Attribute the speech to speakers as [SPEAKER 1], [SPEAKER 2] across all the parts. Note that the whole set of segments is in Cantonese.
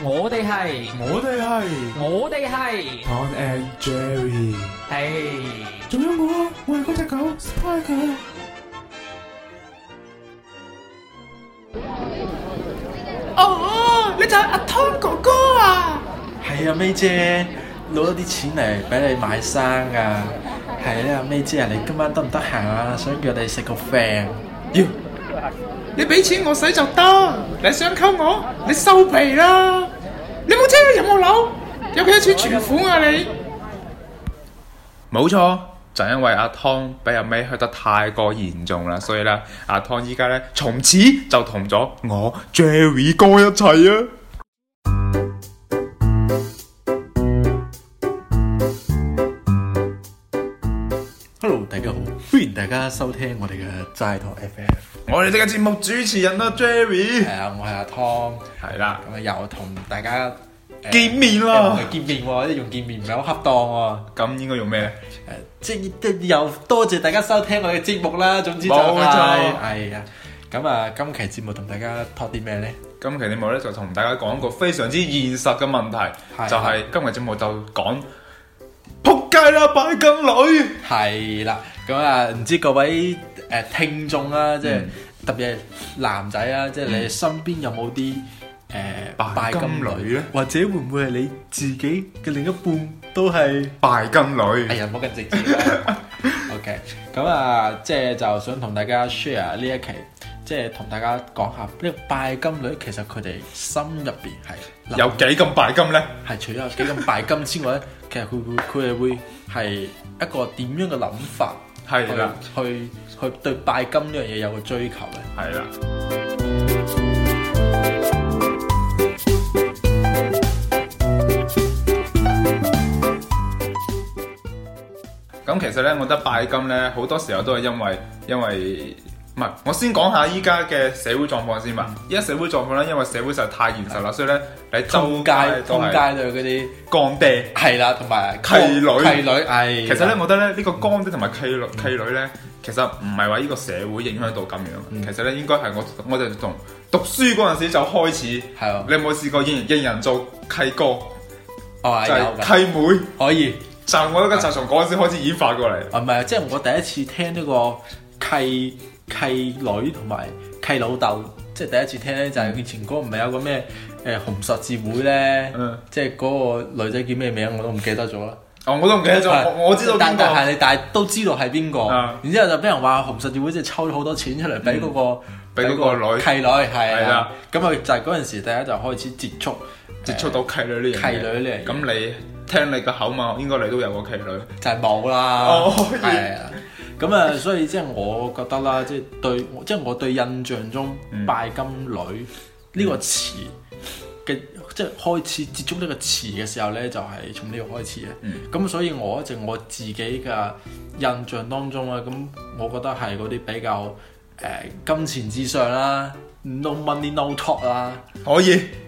[SPEAKER 1] 我哋係，我哋係，我哋係。Tom and Jerry，係是。仲有我，我係嗰隻狗。Spiker。哦，你就係阿 Tom 哥哥啊？
[SPEAKER 2] 係啊，美姐攞咗啲錢嚟俾你買衫㗎、啊。係咧、啊，阿美姐啊，你今晚得唔得閒啊？想約你食個飯。要。
[SPEAKER 1] 你俾錢我使就得，你想溝我，你收皮啦！你冇車有冇樓，有幾多錢存款啊你？你冇錯，就因為阿湯俾阿美去得太過嚴重啦，所以咧阿湯依家咧從此就同咗我 Jerry 哥一齊啊
[SPEAKER 2] ！Hello，大家好，歡迎大家收聽我哋嘅債台 FM，我哋呢個節目主持人 Jerry、uh, 阿 Jerry 係啊，我係阿湯係啦，咁啊又同大家。見面咯，見面喎，即係用見面唔係好恰當喎。咁應該用咩咧？誒，即係即係又多謝大家收聽我哋嘅節目啦。總之，就係啊。咁啊，
[SPEAKER 1] 今期節目同大家托啲咩咧？今期節目咧就同大家講一個非常之現實嘅問
[SPEAKER 2] 題，就係今日節目就講扑街啦，拜金女。係啦，咁啊，唔知各位誒聽眾啦，即係特別係男仔啊，即係你身邊有冇啲？誒，呃、拜金女咧，女或者會唔會係你自己嘅另一半都係拜金女？係、哎 okay，啊，唔好咁直接啦。OK，咁啊，即係就想同大家 share 呢一期，即係同大家講下呢、呢個拜金女，其實佢哋心入邊係有幾咁拜金咧？係除咗有幾咁拜金之外咧， 其實佢佢佢哋會係一個點樣嘅諗法？係啦的，去去對拜金呢樣嘢有個追求嘅。係啦的。
[SPEAKER 1] 咁其實咧，我覺得拜金咧，好多時候都係因為因為唔係，我先講下依家嘅社會狀況先嘛。依家社會狀況咧，因為社會實在太現實啦，所以咧，你周街周街
[SPEAKER 2] 都係嗰啲乾爹係啦，同埋契女契女。係其實咧，我
[SPEAKER 1] 覺得咧呢個乾爹同埋契女契女咧，其實唔係話呢個社會影響到咁樣。其實咧，應該係我我哋從讀書嗰陣時就開始係，你有冇試過應應人做契哥？就
[SPEAKER 2] 係契妹可以。就我都從嗰陣時開始演化過嚟、啊，唔係即係我第一次聽呢個契契女同埋契老豆，即、就、係、是、第一次聽咧就係、是、以前嗰個唔係有個咩誒、欸、紅十字會咧，即係嗰個女仔叫咩名我都唔記得咗啦。哦，我都唔記得咗、啊，我知道但。但但係你但係都知道係邊個，嗯、然之後就俾人話紅十字會即係抽咗好多錢出嚟俾嗰個俾嗰、嗯、女契女係啊，咁啊就係嗰陣時大家就開始接觸。接觸到契女
[SPEAKER 1] 呢樣嘢？契女呢樣嘢？咁 你聽你個口吻，應該你都有個契女，就係冇啦。係啊、
[SPEAKER 2] oh, 咁啊，所以即係我覺得啦，即係對， 即係我對印象中、嗯、拜金女呢、這個詞嘅，嗯、即係開始接觸呢個詞嘅時候咧，就係從呢個開始嘅。咁、嗯、所以我一直我自己嘅印象當中啊，咁我覺得係嗰啲比較誒、呃、金錢至上啦，no money no talk 啦，可 以。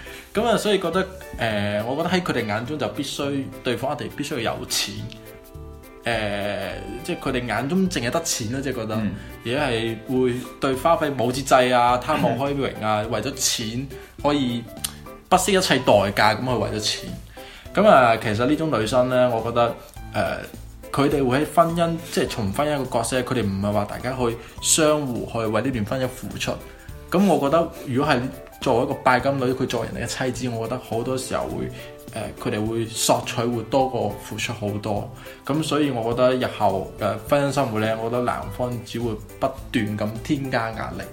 [SPEAKER 2] 咁啊，所以覺得誒、呃，我覺得喺佢哋眼中就必須對方，一定必須要有錢。誒、呃，即係佢哋眼中淨係得錢咯，嗯、即係覺得而家係會對花費冇節制啊，貪慕虛榮啊，嗯、為咗錢可以不惜一切代價咁去為咗錢。咁啊，其實呢種女生咧，我覺得誒，佢、呃、哋會喺婚姻，即係從婚姻嘅角色，佢哋唔係話大家去相互去為呢段婚姻付出。咁我覺得如果係，作為一個拜金女，佢作為人哋嘅妻子，我覺得好多時候會，誒佢哋會索取會多過付出好多，咁所以我覺得日後誒婚姻生活咧，我覺得男方只會不斷咁添加壓力，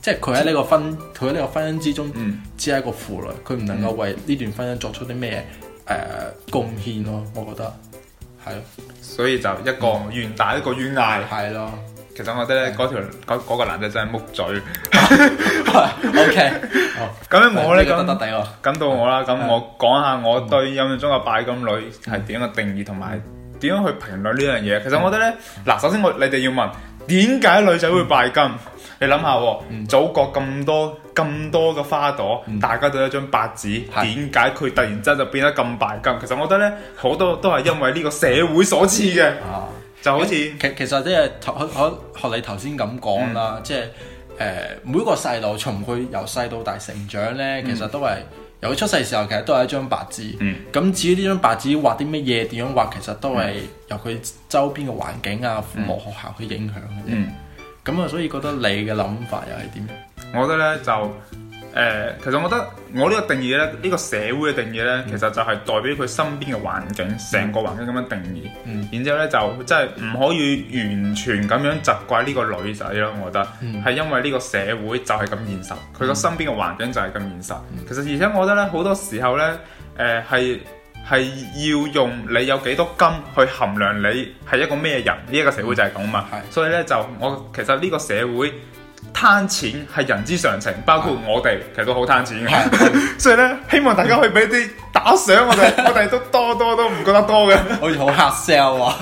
[SPEAKER 2] 即係佢喺呢個婚，佢喺呢個婚姻之中，嗯、只係一個負累，佢唔能夠為呢段婚姻作出啲咩誒貢獻咯，我覺得
[SPEAKER 1] 係咯，所以就一個願打一個願捱，係咯、嗯。其實我覺得咧，嗰條嗰嗰個男仔真係木嘴。OK，咁樣我咧咁，咁到我啦。咁我講下我對印象中嘅拜金女係點樣嘅定義，同埋點樣去評論呢樣嘢。其實我覺得咧，嗱，首先我你哋要問，點解女仔會拜金？你諗下，祖國咁多咁多嘅花朵，大家都有一張白紙，點解佢突然之間就變得咁拜金？其實我覺得咧，好多都係因為呢個社會所賜嘅。
[SPEAKER 2] 就好似，其其實、就是嗯、即係學你頭先咁講啦，即係誒每個細路從佢由細到大成長咧，其實都係、嗯、由佢出世時候其實都係一張白紙，咁至於呢張白紙畫啲乜嘢，點樣畫，其實都係、嗯、由佢周邊嘅環境啊，父母、學校去影響嘅。咁啊、嗯，嗯、所以覺得你嘅諗法又係點？
[SPEAKER 1] 我覺得咧就。誒，其實我覺得我呢個定義呢，呢個社會嘅定義呢，其實就係代表佢身邊嘅環境，成個環境咁樣定義。嗯。然之後呢，就真係唔可以完全咁樣責怪呢個女仔咯，我覺得。嗯。係因為呢個社會就係咁現實，佢個身邊嘅環境就係咁現實。嗯。其實而且我覺得呢，好多時候呢，誒係係要用你有幾多金去衡量你係一個咩人，呢一個社會就係咁嘛。係。所以呢，就我其實呢個社會。貪錢係人之常情，包括我哋、啊、其實都好貪錢嘅，嗯、 所以咧，希望大家可以俾啲打賞我哋， 我哋都多多都唔覺得多嘅，好似好黑 sell 喎。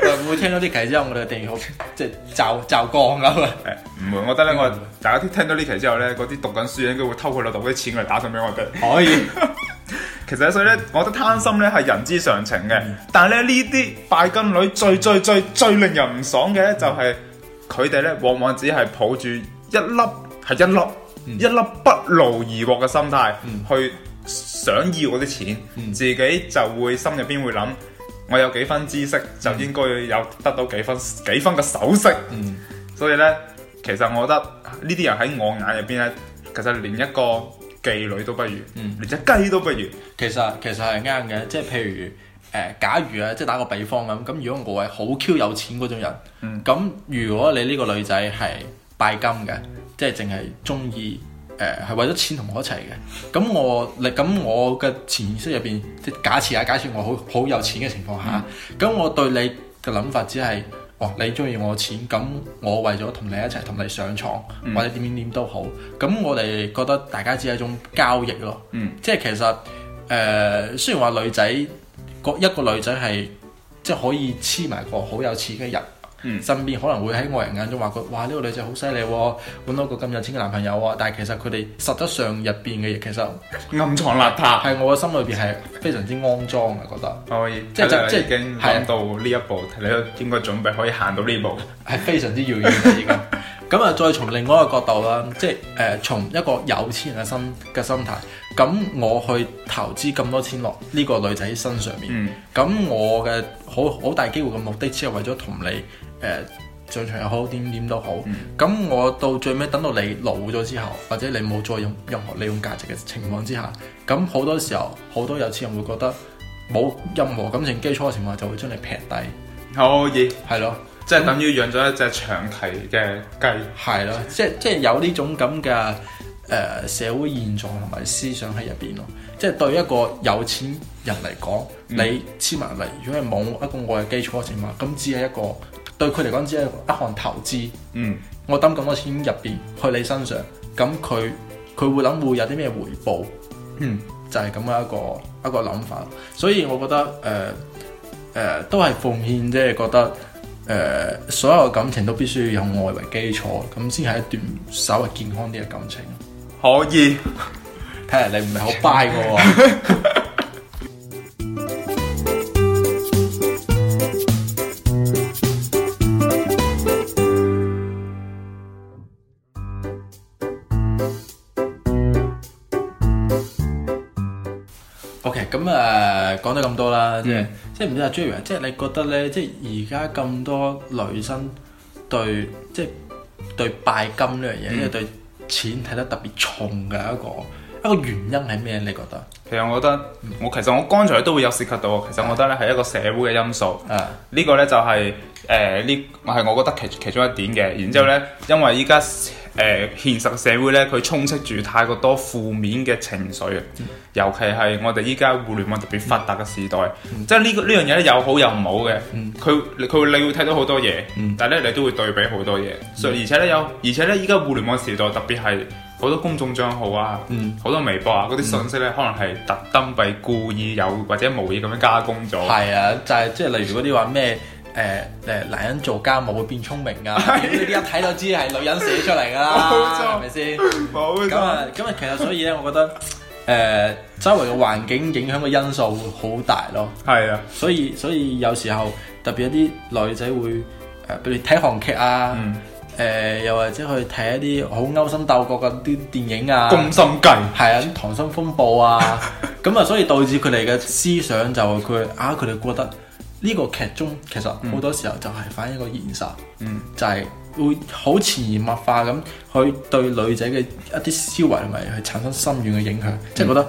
[SPEAKER 1] 會唔會聽到呢期之後，我哋定好即係就就，就，就，就光咁啊？唔、欸、會，我覺得咧，嗯、我大家聽聽到呢期之後咧，嗰啲讀緊書應該會偷佢老豆啲錢嚟打賞俾我哋。可以， 其實所以咧，我覺得貪心咧係人之常情嘅，嗯、但係咧呢啲拜金女最最最最，最，最，最令人唔爽嘅咧就係。嗯佢哋咧往往只係抱住一粒係一粒、嗯、一粒不勞而獲嘅心態、嗯、去想要嗰啲錢，嗯、自己就會心入邊會諗，我有幾分知識就應該有得到幾分幾分嘅首飾。嗯嗯、所以呢，其實我覺得呢啲人喺我眼入
[SPEAKER 2] 邊呢，其實連一個妓女都不如，嗯、連隻雞都不如。其實其實係啱嘅，即係譬如。誒，假如咧，即係打個比方咁，咁如果我係好 Q 有錢嗰種人，咁、嗯、如果你呢個女仔係拜金嘅，嗯、即係淨係中意誒，係、呃、為咗錢同我一齊嘅，咁我你咁我嘅潛意識入邊，即假設下，假設我好好有錢嘅情況下，咁、嗯、我對你嘅諗法只係，哇，你中意我嘅錢，咁我為咗同你一齊，同你上床，或者點點點都好，咁、嗯、我哋覺得大家只係一種交易咯，嗯、即係其實誒、呃，雖然話女仔。個一個女仔係即係可以黐埋個好有錢嘅人，嗯、身邊可能會喺外人眼中話佢哇呢、這個女仔好犀利喎，揾到個咁有錢嘅男朋友啊、哦！但係其實佢哋實質上入邊嘅，嘢，其實暗藏邋遢，係我嘅心裏邊係非常之骯髒嘅， 我覺得可以，即係即係已經
[SPEAKER 1] 到呢一步，你應該準備可
[SPEAKER 2] 以行到呢步，係非常之遙遠啦。已經咁啊，再從另外一個角度啦，即係誒，從、呃、一個有錢人嘅心嘅心態。咁我去投資咁多錢落呢個女仔身上面，咁、嗯、我嘅好好大機會嘅目的，只係為咗同你誒、呃、上場又好，點點都好。咁、嗯、我到最尾等到你老咗之後，或者你冇再用任何利用價值嘅情況之下，咁好多時候好多有錢人會覺得冇任何感情基礎嘅情況，就會將你劈低。
[SPEAKER 1] 可以意，係咯的，
[SPEAKER 2] 即係等於養咗一隻長期嘅雞。係咯那，即即係有呢種咁嘅。誒、呃、社會現狀同埋思想喺入邊咯，即係對一個有錢人嚟講，嗯、你黐埋嚟，如果係冇一個愛嘅基礎嘅情況，咁只係一個對佢嚟講只係一項投資。嗯，我抌咁多錢入邊去你身上，咁佢佢會諗會有啲咩回報？嗯，就係咁嘅一個一個諗法。所以我覺得誒誒、呃呃、都係奉獻啫，覺得誒、呃、所有嘅感情都必須要有愛為基礎，咁先係一段稍微健康啲嘅感情。可以，睇嚟你唔係好拜嘅喎。OK，咁啊，講咗咁多啦，即係即係唔知阿 Joy，即係你覺得咧，即係而家咁多女生對即係對拜金呢樣嘢，即係對。錢睇得特別重嘅一個，一個原因係咩？你覺得？其
[SPEAKER 1] 實我覺得，我其實我剛才都會有涉及到。其實我覺得咧，係一個社會嘅因素。誒，呢個咧就係誒呢，係我覺得其其中一點嘅。然之後咧，因為依家誒現實社會咧，佢充斥住太過多負面嘅情緒。尤其係我哋依家互聯網特別發達嘅時代，即係呢個呢樣嘢咧有好有唔好嘅。佢佢會你會睇到好多嘢，但係咧你都會對比好多嘢。所以而且咧有而且咧依家互聯網時代特別係。好多公眾帳號啊，好、嗯、多微博啊，嗰啲信息咧，嗯、可能係特登被故意
[SPEAKER 2] 有或者無意咁樣加工咗。係啊，就係即係例如嗰啲話咩誒誒，男人做家務會變聰明啊，呢啲 一睇就知係女人寫出嚟㗎啦，係咪先？冇咁啊，咁啊，其實所以咧，我覺得誒、呃、周圍嘅環境影響嘅因素會好大咯。係啊 所，所以所以有時候特別一啲女仔會誒、呃，譬如睇韓劇，劇啊。嗯誒、呃，又或者去睇一啲好勾心鬥角嘅啲電影啊，《宮心計》係啊，《溏心風暴》啊，咁啊，所以導致佢哋嘅思想就佢啊，佢哋覺得呢個劇中其實好多時候就係反映一個現實，嗯，就係會好潛移默化咁去對女仔嘅一啲思維咪去產生深遠嘅影響，即係、嗯、覺得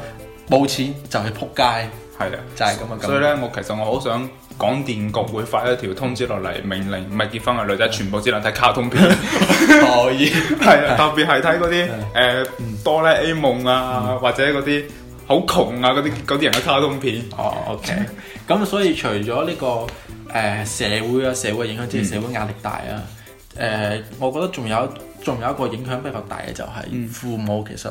[SPEAKER 2] 冇錢就係撲街，係嘅
[SPEAKER 1] 的，就係咁啊，所以咧，我其實我好想。廣電局會發一條通知落嚟，命令唔係結婚嘅女仔全部只能睇卡通片，可以係特別係睇嗰啲誒哆啦 A 夢啊，mm. 或者嗰啲好窮啊嗰啲啲人嘅卡通片。
[SPEAKER 2] 哦，OK。咁所以除咗呢、這個誒社會啊，社會影響即係社會壓力大啊。誒、mm. 呃，我覺得仲有仲有一個影響比較大嘅就係父母其實。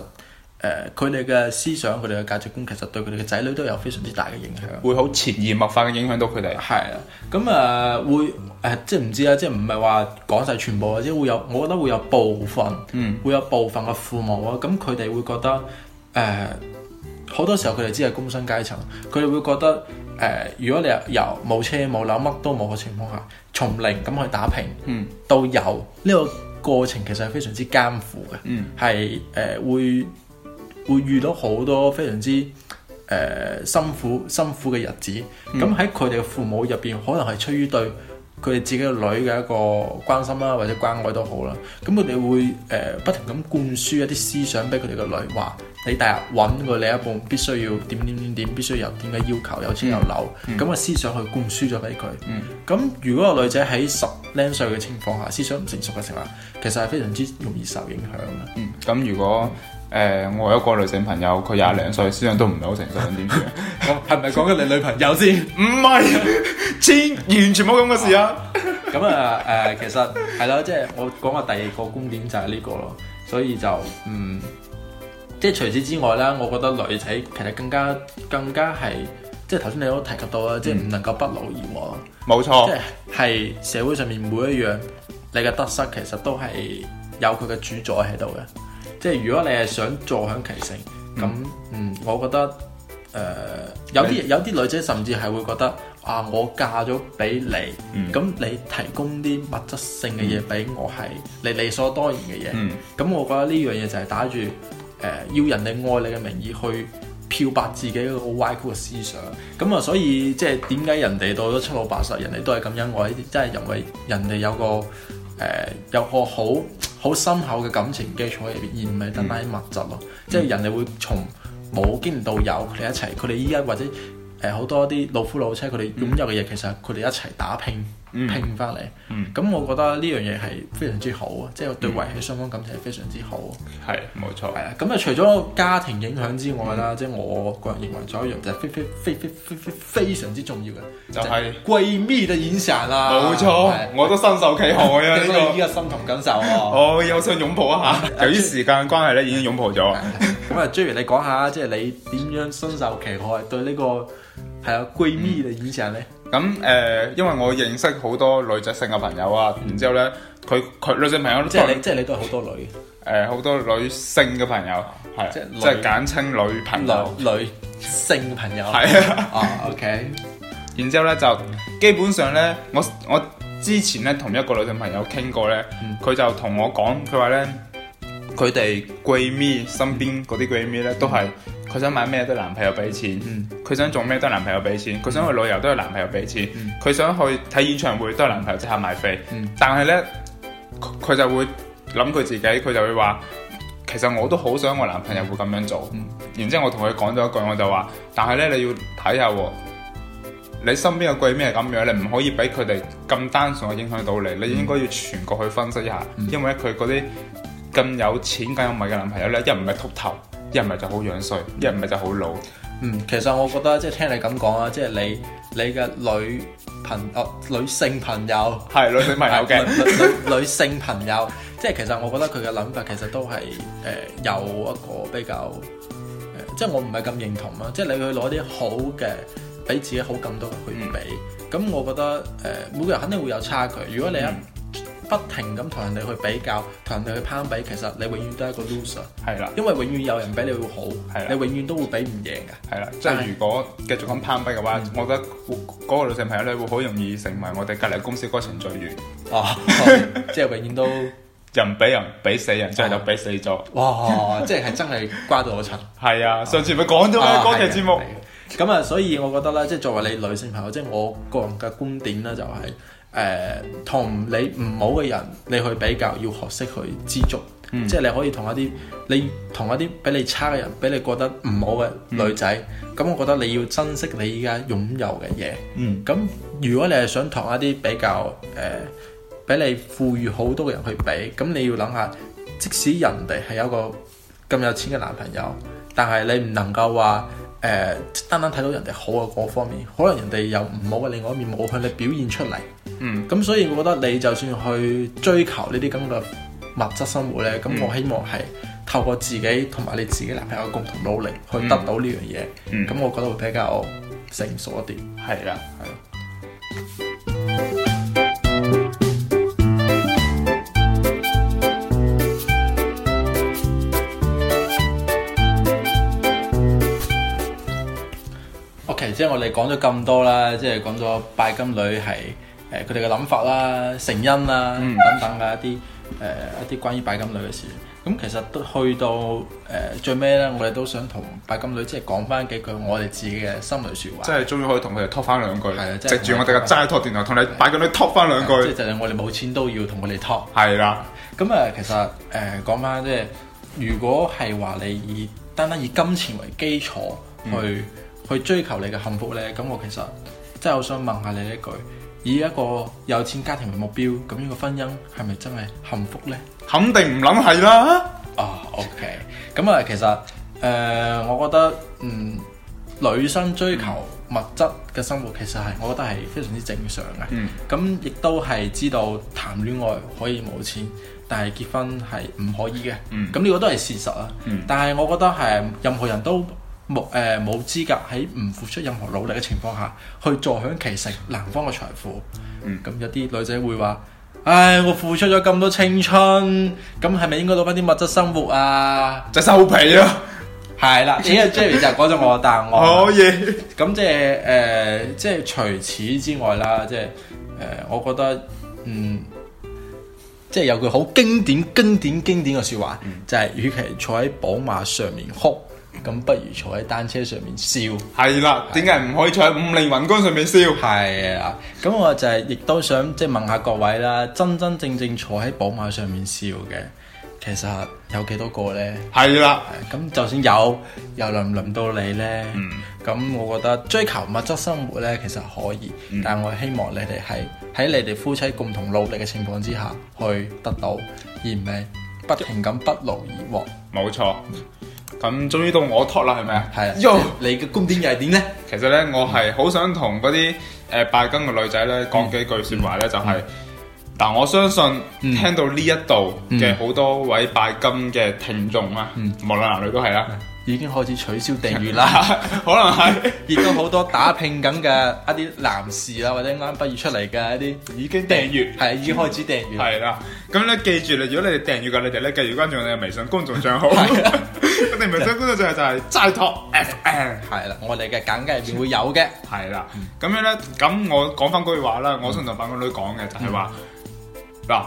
[SPEAKER 2] 誒佢哋嘅思想，佢哋嘅價值觀，其實對佢哋嘅仔女都有非常之大嘅影響，會好潛移默化嘅影響到佢哋。係啊，咁啊、呃、會誒、呃，即係唔知啦，即係唔係話講晒全部，或者會有，我覺得會有部分，嗯、會有部分嘅父母啊，咁佢哋會覺得誒好、呃、多時候佢哋只係工薪階層，佢哋會覺得誒、呃，如果你由冇車冇樓乜都冇嘅情況下，從零咁去打拼，嗯、到有呢、呢個過程其實係非常之艱苦嘅，嗯，係誒會。呃呃會會遇到好多非常之誒、呃、辛苦辛苦嘅日子，咁喺佢哋嘅父母入邊，可能係出於對佢哋自己嘅女嘅一個關心啦，或者關愛都好啦，咁佢哋會誒、呃、不停咁灌輸一啲思想俾佢哋嘅女，話你第日揾個另一半必須要點點點點，必須有點嘅要求，有錢有樓，咁嘅、嗯、思想去灌輸咗俾佢。咁、嗯、如果個女仔喺十零歲嘅情況下，思想唔成熟嘅情況，其實係非常之容易受影響嘅。咁、嗯、如
[SPEAKER 1] 果誒、呃，我有一個女性朋友，佢廿零歲，思想都唔係好成熟，點知？咁係
[SPEAKER 2] 咪講緊你女朋友先？唔係，先 完全冇咁嘅事啊！咁 啊，誒、啊，其實係咯，即、嗯、係、就是、我講嘅第二個觀點就係呢、這個咯，所以就嗯，即係除此之外啦，我覺得女仔其實更加更加係，即係頭先你都提及到啦，即係唔能夠不勞而獲咯。冇錯錯，即係社會上面每一樣你嘅得失，其實都係有佢嘅主宰喺度嘅。即係如果你係想坐享其成，咁嗯，嗯，我覺得誒、呃、有啲有啲女仔甚至係會覺得啊，我嫁咗俾你，咁、嗯、你提供啲物質性嘅嘢俾我係、嗯、你理所當然嘅嘢。咁、嗯、我覺得呢樣嘢就係打住誒、呃、要人哋愛你嘅名義去漂白自己個好歪曲嘅思想。咁啊，所以即係點解人哋到咗七老八十，人哋都係咁樣愛，即係因為人哋有個。誒、呃、有個好好深厚嘅感情基礎入邊，而唔係單單啲物質咯。嗯、即係人哋會從冇堅到有，佢哋一齊。佢哋依家或者誒好、呃、多啲老夫老妻，佢哋擁有嘅嘢，嗯、其實佢哋一齊打拼拼翻嚟，咁我覺得呢樣嘢係非常之好，即係對維繫雙方感情係非常之好。係，冇錯。係啊，咁啊，除咗家庭影響之外啦，即係我個人認為仲有一樣就非非非非非非非常之重要嘅，就係閨蜜嘅影響啦。冇錯，我都深受其害啊！你依家心同感受，我又想擁抱一下。由於時間關係咧，已經擁抱咗。咁啊，Judy 你講下，即係你點樣深受其害對呢個？
[SPEAKER 1] 係啊，閨蜜嘅意思係咧。咁誒，因為我認識好多女仔性嘅朋友啊，然之後咧，佢佢女性朋友即係即係你都係好多女誒，好多女性嘅朋友係即係簡稱女朋友女性朋友係啊。O K，然之後咧就基本上咧，我我之前咧同一個女性朋友傾過咧，佢就同我講，佢話咧佢哋閨蜜身邊嗰啲閨蜜咧都係。佢想買咩都男朋友俾錢，佢想做咩都男朋友俾錢，佢想去旅遊都係男朋友俾錢，佢想去睇演唱會都係男朋友即刻買飛。但係呢，佢就會諗佢自己，佢就會話，其實我都好想我男朋友會咁樣做。然之後我同佢講咗一句，我就話，但係呢，你要睇下，你身邊嘅閨蜜係咁樣，你唔可以俾佢哋咁單純嘅影響到你。你應該要全國去分析一下，因為佢嗰啲咁有錢、咁有米嘅男朋
[SPEAKER 2] 友呢，一唔係禿頭。一唔係就好樣衰，一唔係就好老。嗯，其實我覺得即係聽你咁講啊，即係你你嘅女朋哦女性朋友係女性朋友嘅 女、女、女性朋友，即係其實我覺得佢嘅諗法其實都係誒、呃、有一個比較、呃、即係我唔係咁認同啦。即係你去攞啲好嘅，比自己好感多去比，咁、嗯、我覺得誒、呃，每個人肯定會有差距。如果你一、嗯不停咁同人哋去比較，同人哋去攀比，其實你永遠都係一個 loser 的。係啦，因為永遠有人比你會好，的你永遠都會比唔贏嘅。係啦的，即係但如果繼續咁
[SPEAKER 1] 攀比嘅話，嗯、我覺得嗰個女性朋友咧會好容易成為我哋隔離公司嗰個程序員、哦。哦， 即係永遠都 人比人比死人，最後就比死咗、哦。哇！即係係真係瓜到我親。係啊，上次咪講咗咩？嗰期、哦、節
[SPEAKER 2] 目。咁啊、哦嗯，所以我覺得咧，即係作為你女性朋友，即係我個人嘅觀點咧、就係，就係。誒，同、呃、你唔好嘅人，你去比較，要學識去知足，嗯、即係你可以同一啲你同一啲比你差嘅人，比你覺得唔好嘅女仔，咁、嗯、我覺得你要珍惜你依家擁有嘅嘢。咁、嗯、如果你係想同一啲比較誒、呃，比你富裕好多嘅人去比，咁你要諗下，即使人哋係有個咁有錢嘅男朋友，但係你唔能夠話誒、呃、單單睇到人哋好嘅嗰方面，可能人哋有唔好嘅另外一面冇向你表現出嚟。嗯，咁所以我覺得你就算去追求呢啲咁嘅物質生活咧，咁我希望係透過自己同埋你自己男朋友共同努力去得到呢樣嘢，咁、嗯、我覺得會比較成熟一啲。係啦，係。OK，即係我哋講咗咁多啦，即係講咗拜金女係。誒佢哋嘅諗法啦、成因啦、嗯、等等嘅一啲誒、呃、一啲關於拜金女嘅事，咁其實都去到誒、呃、最尾咧，我哋都想同拜金女即係講翻幾句我哋自己嘅心裏説話。即係終於可以同佢哋拖 a 翻兩句，係啊！即藉住我哋嘅齋托拖電台，同對你拜金女拖 a 翻兩句。即係我哋冇錢都要同佢哋拖。a 係啦，咁啊、嗯，其實誒、呃、講翻即係，如果係話你以單單以金錢為基礎去、嗯、去追求你嘅幸福咧，咁我其實即係我想問下你一句。以一個有錢家庭為目標，咁呢個婚姻係咪真係幸福呢？肯定唔諗係啦。啊，oh，OK，咁啊，其實誒，呃，我覺得嗯，女生追求物質嘅生活，其實係我覺得係非常之正常嘅。嗯，咁亦都係知道談戀愛可以冇錢，但係結婚係唔可以嘅。嗯，咁呢個都係事實啊。嗯，但係我覺得係任何人都。冇誒，冇資格喺唔付出任何努力嘅情況下，去坐享其成男方嘅財富。嗯，咁有啲女仔會話，唉，我付出咗咁多青春，咁係咪應該攞翻啲物質生活啊？了了就收皮咯。係啦，只係 Jerry 就講咗我嘅答案。 可以爲。咁即係誒，即、呃、係、就是、除此之外啦，即係誒，我覺得嗯，即、就、係、是、有句好經典、經典、經典嘅說話，嗯、就係與其坐喺寶馬上面哭。咁不如坐喺單車上面笑，係啦的。點解唔可以坐喺五菱宏光上面笑？係啊。咁我就係亦都想即係問下各位啦，真真正正坐喺寶馬上面笑嘅，其實有幾多個呢？係啦的。咁的就算有，又輪唔輪到你呢？咁、嗯、我覺得追求物質生活呢，其實可以，嗯、但我希望你哋係喺你哋夫妻共同努力嘅情況之下，去得到而唔係，不停咁不勞而獲。冇
[SPEAKER 1] 錯。咁終於到我 talk 啦，係咪啊？係。喲，你嘅觀點又係點咧？其實咧，我係好想同嗰啲誒拜金嘅女仔咧講幾句説話咧，就係，嗱，我相信聽到呢一度嘅好多位拜金嘅聽眾啊，
[SPEAKER 2] 無論男女都係啦，已經開始取消訂閱啦，可能係亦都好多打拼緊嘅一啲男士啦，或者啱畢業出嚟嘅一啲已經訂閱，係已經
[SPEAKER 1] 開始訂閱，係啦。咁咧記住啦，如果你哋訂閱嘅你哋咧，繼續關注我哋嘅微信公眾帳號。我哋唔係聽嗰個就係就係齋托 FM 係啦，我哋嘅簡介入邊會有嘅係啦。咁樣咧，咁、嗯、我講翻嗰句話啦。我想同拜金女講嘅就係話嗱，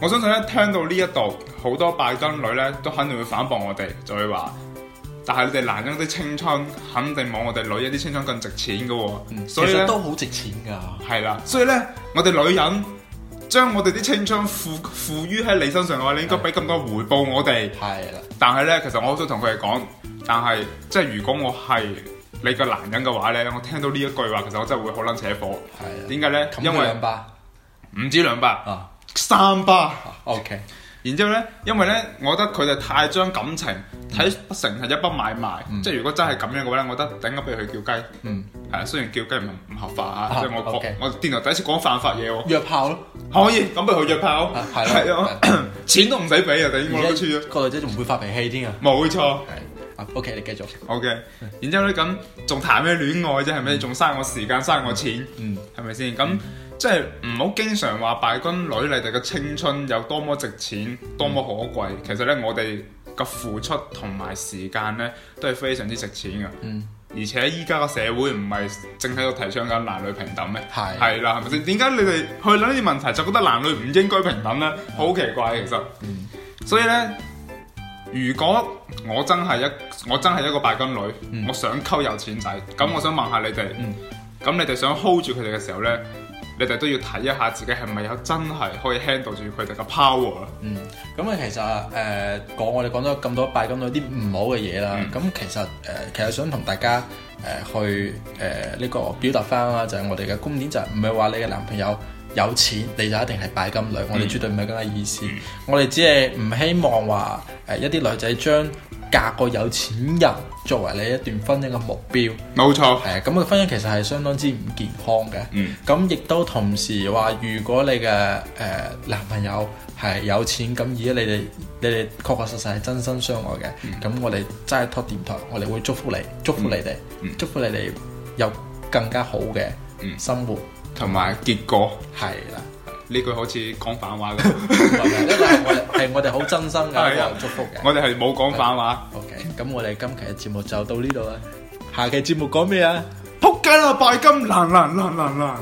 [SPEAKER 1] 我相信咧聽到呢一度好多拜金女咧都肯定會反駁我哋，就會話，但係你哋男人啲青春肯定冇我哋女人啲青春咁值錢噶、嗯。其實，所以其實都好值錢噶，係啦。所以咧，我哋女人。嗯將我哋啲青春賦賦於喺你身上嘅話，你應該俾咁多回報我哋。係啦的。但係呢，其實我好想同佢哋講，但係即係如果我係你個男人嘅話呢，我聽到呢一句話，其實我真係會好撚扯火。係的。點解呢？因為唔止兩百。唔止兩百啊。三百巴。O K、啊。Okay、然之後呢，因為呢，我覺得佢哋太將感情睇成係一筆買賣，嗯、即係如果真係咁樣嘅話呢，我覺得頂硬俾佢叫雞。嗯。啊，雖然叫雞係唔合法啊，即係我我電台第一次講犯法嘢喎。約炮咯，可以，咁咪去約炮。係咯，錢都唔使俾啊，等一我都次。啊。個女仔仲唔會發脾氣添啊。冇錯，OK，你繼續。OK，然之後咧咁，仲談咩戀愛啫？係咪仲嘥我時間嘥我錢？嗯，係咪先？咁即係唔好經常話拜金女，你哋嘅青春有多麼值錢，多麼可貴。其實咧，我哋嘅付出同埋時間咧，都係非常之值錢嘅。嗯。而且依家個社會唔係正喺度提倡緊男女平等咩？係係啦，係咪先？點解、嗯、你哋去諗呢啲問題就覺得男女唔應該平等呢？嗯、好奇怪其實。嗯、所以呢，如果我真係一我真係一個拜金女，嗯、我想溝有錢仔，咁我想問下你哋，咁、嗯嗯、你哋想 hold 住佢哋嘅時候呢？佢哋都要睇一下自己係咪有真係可
[SPEAKER 2] 以 handle 住佢哋嘅 power。嗯，咁啊，其實誒講、呃、我哋講咗咁多拜金女啲唔好嘅嘢啦。咁、嗯、其實誒、呃，其實想同大家誒、呃、去誒呢、呃這個表達返啦，就係、是、我哋嘅觀點就係唔係話你嘅男朋友有錢你就一定係拜金女，我哋絕對唔係咁嘅意思。嗯嗯、我哋只係唔希望話誒、呃、一啲女仔將嫁個有錢人。作為你一段婚姻嘅目標，冇錯錯，係啊、呃，咁嘅婚姻其實係相當之唔健康嘅。嗯，咁亦都同時話，如果你嘅誒、呃、男朋友係有錢，咁而家你哋你哋確確實實係真心相愛嘅，咁、嗯、我哋齋托電台，我哋會祝福你，祝福你哋，嗯、祝福你哋有更加好嘅生活同埋、嗯、結果，係啦。呢句好似講反話㗎，呢個係我係我哋好真心嘅祝福嘅，我哋係冇講反話。 OK，咁我哋今期嘅節目就到呢度啦， 下期節目講咩啊？撲街
[SPEAKER 1] 啦！拜 金樂，啦啦啦啦啦！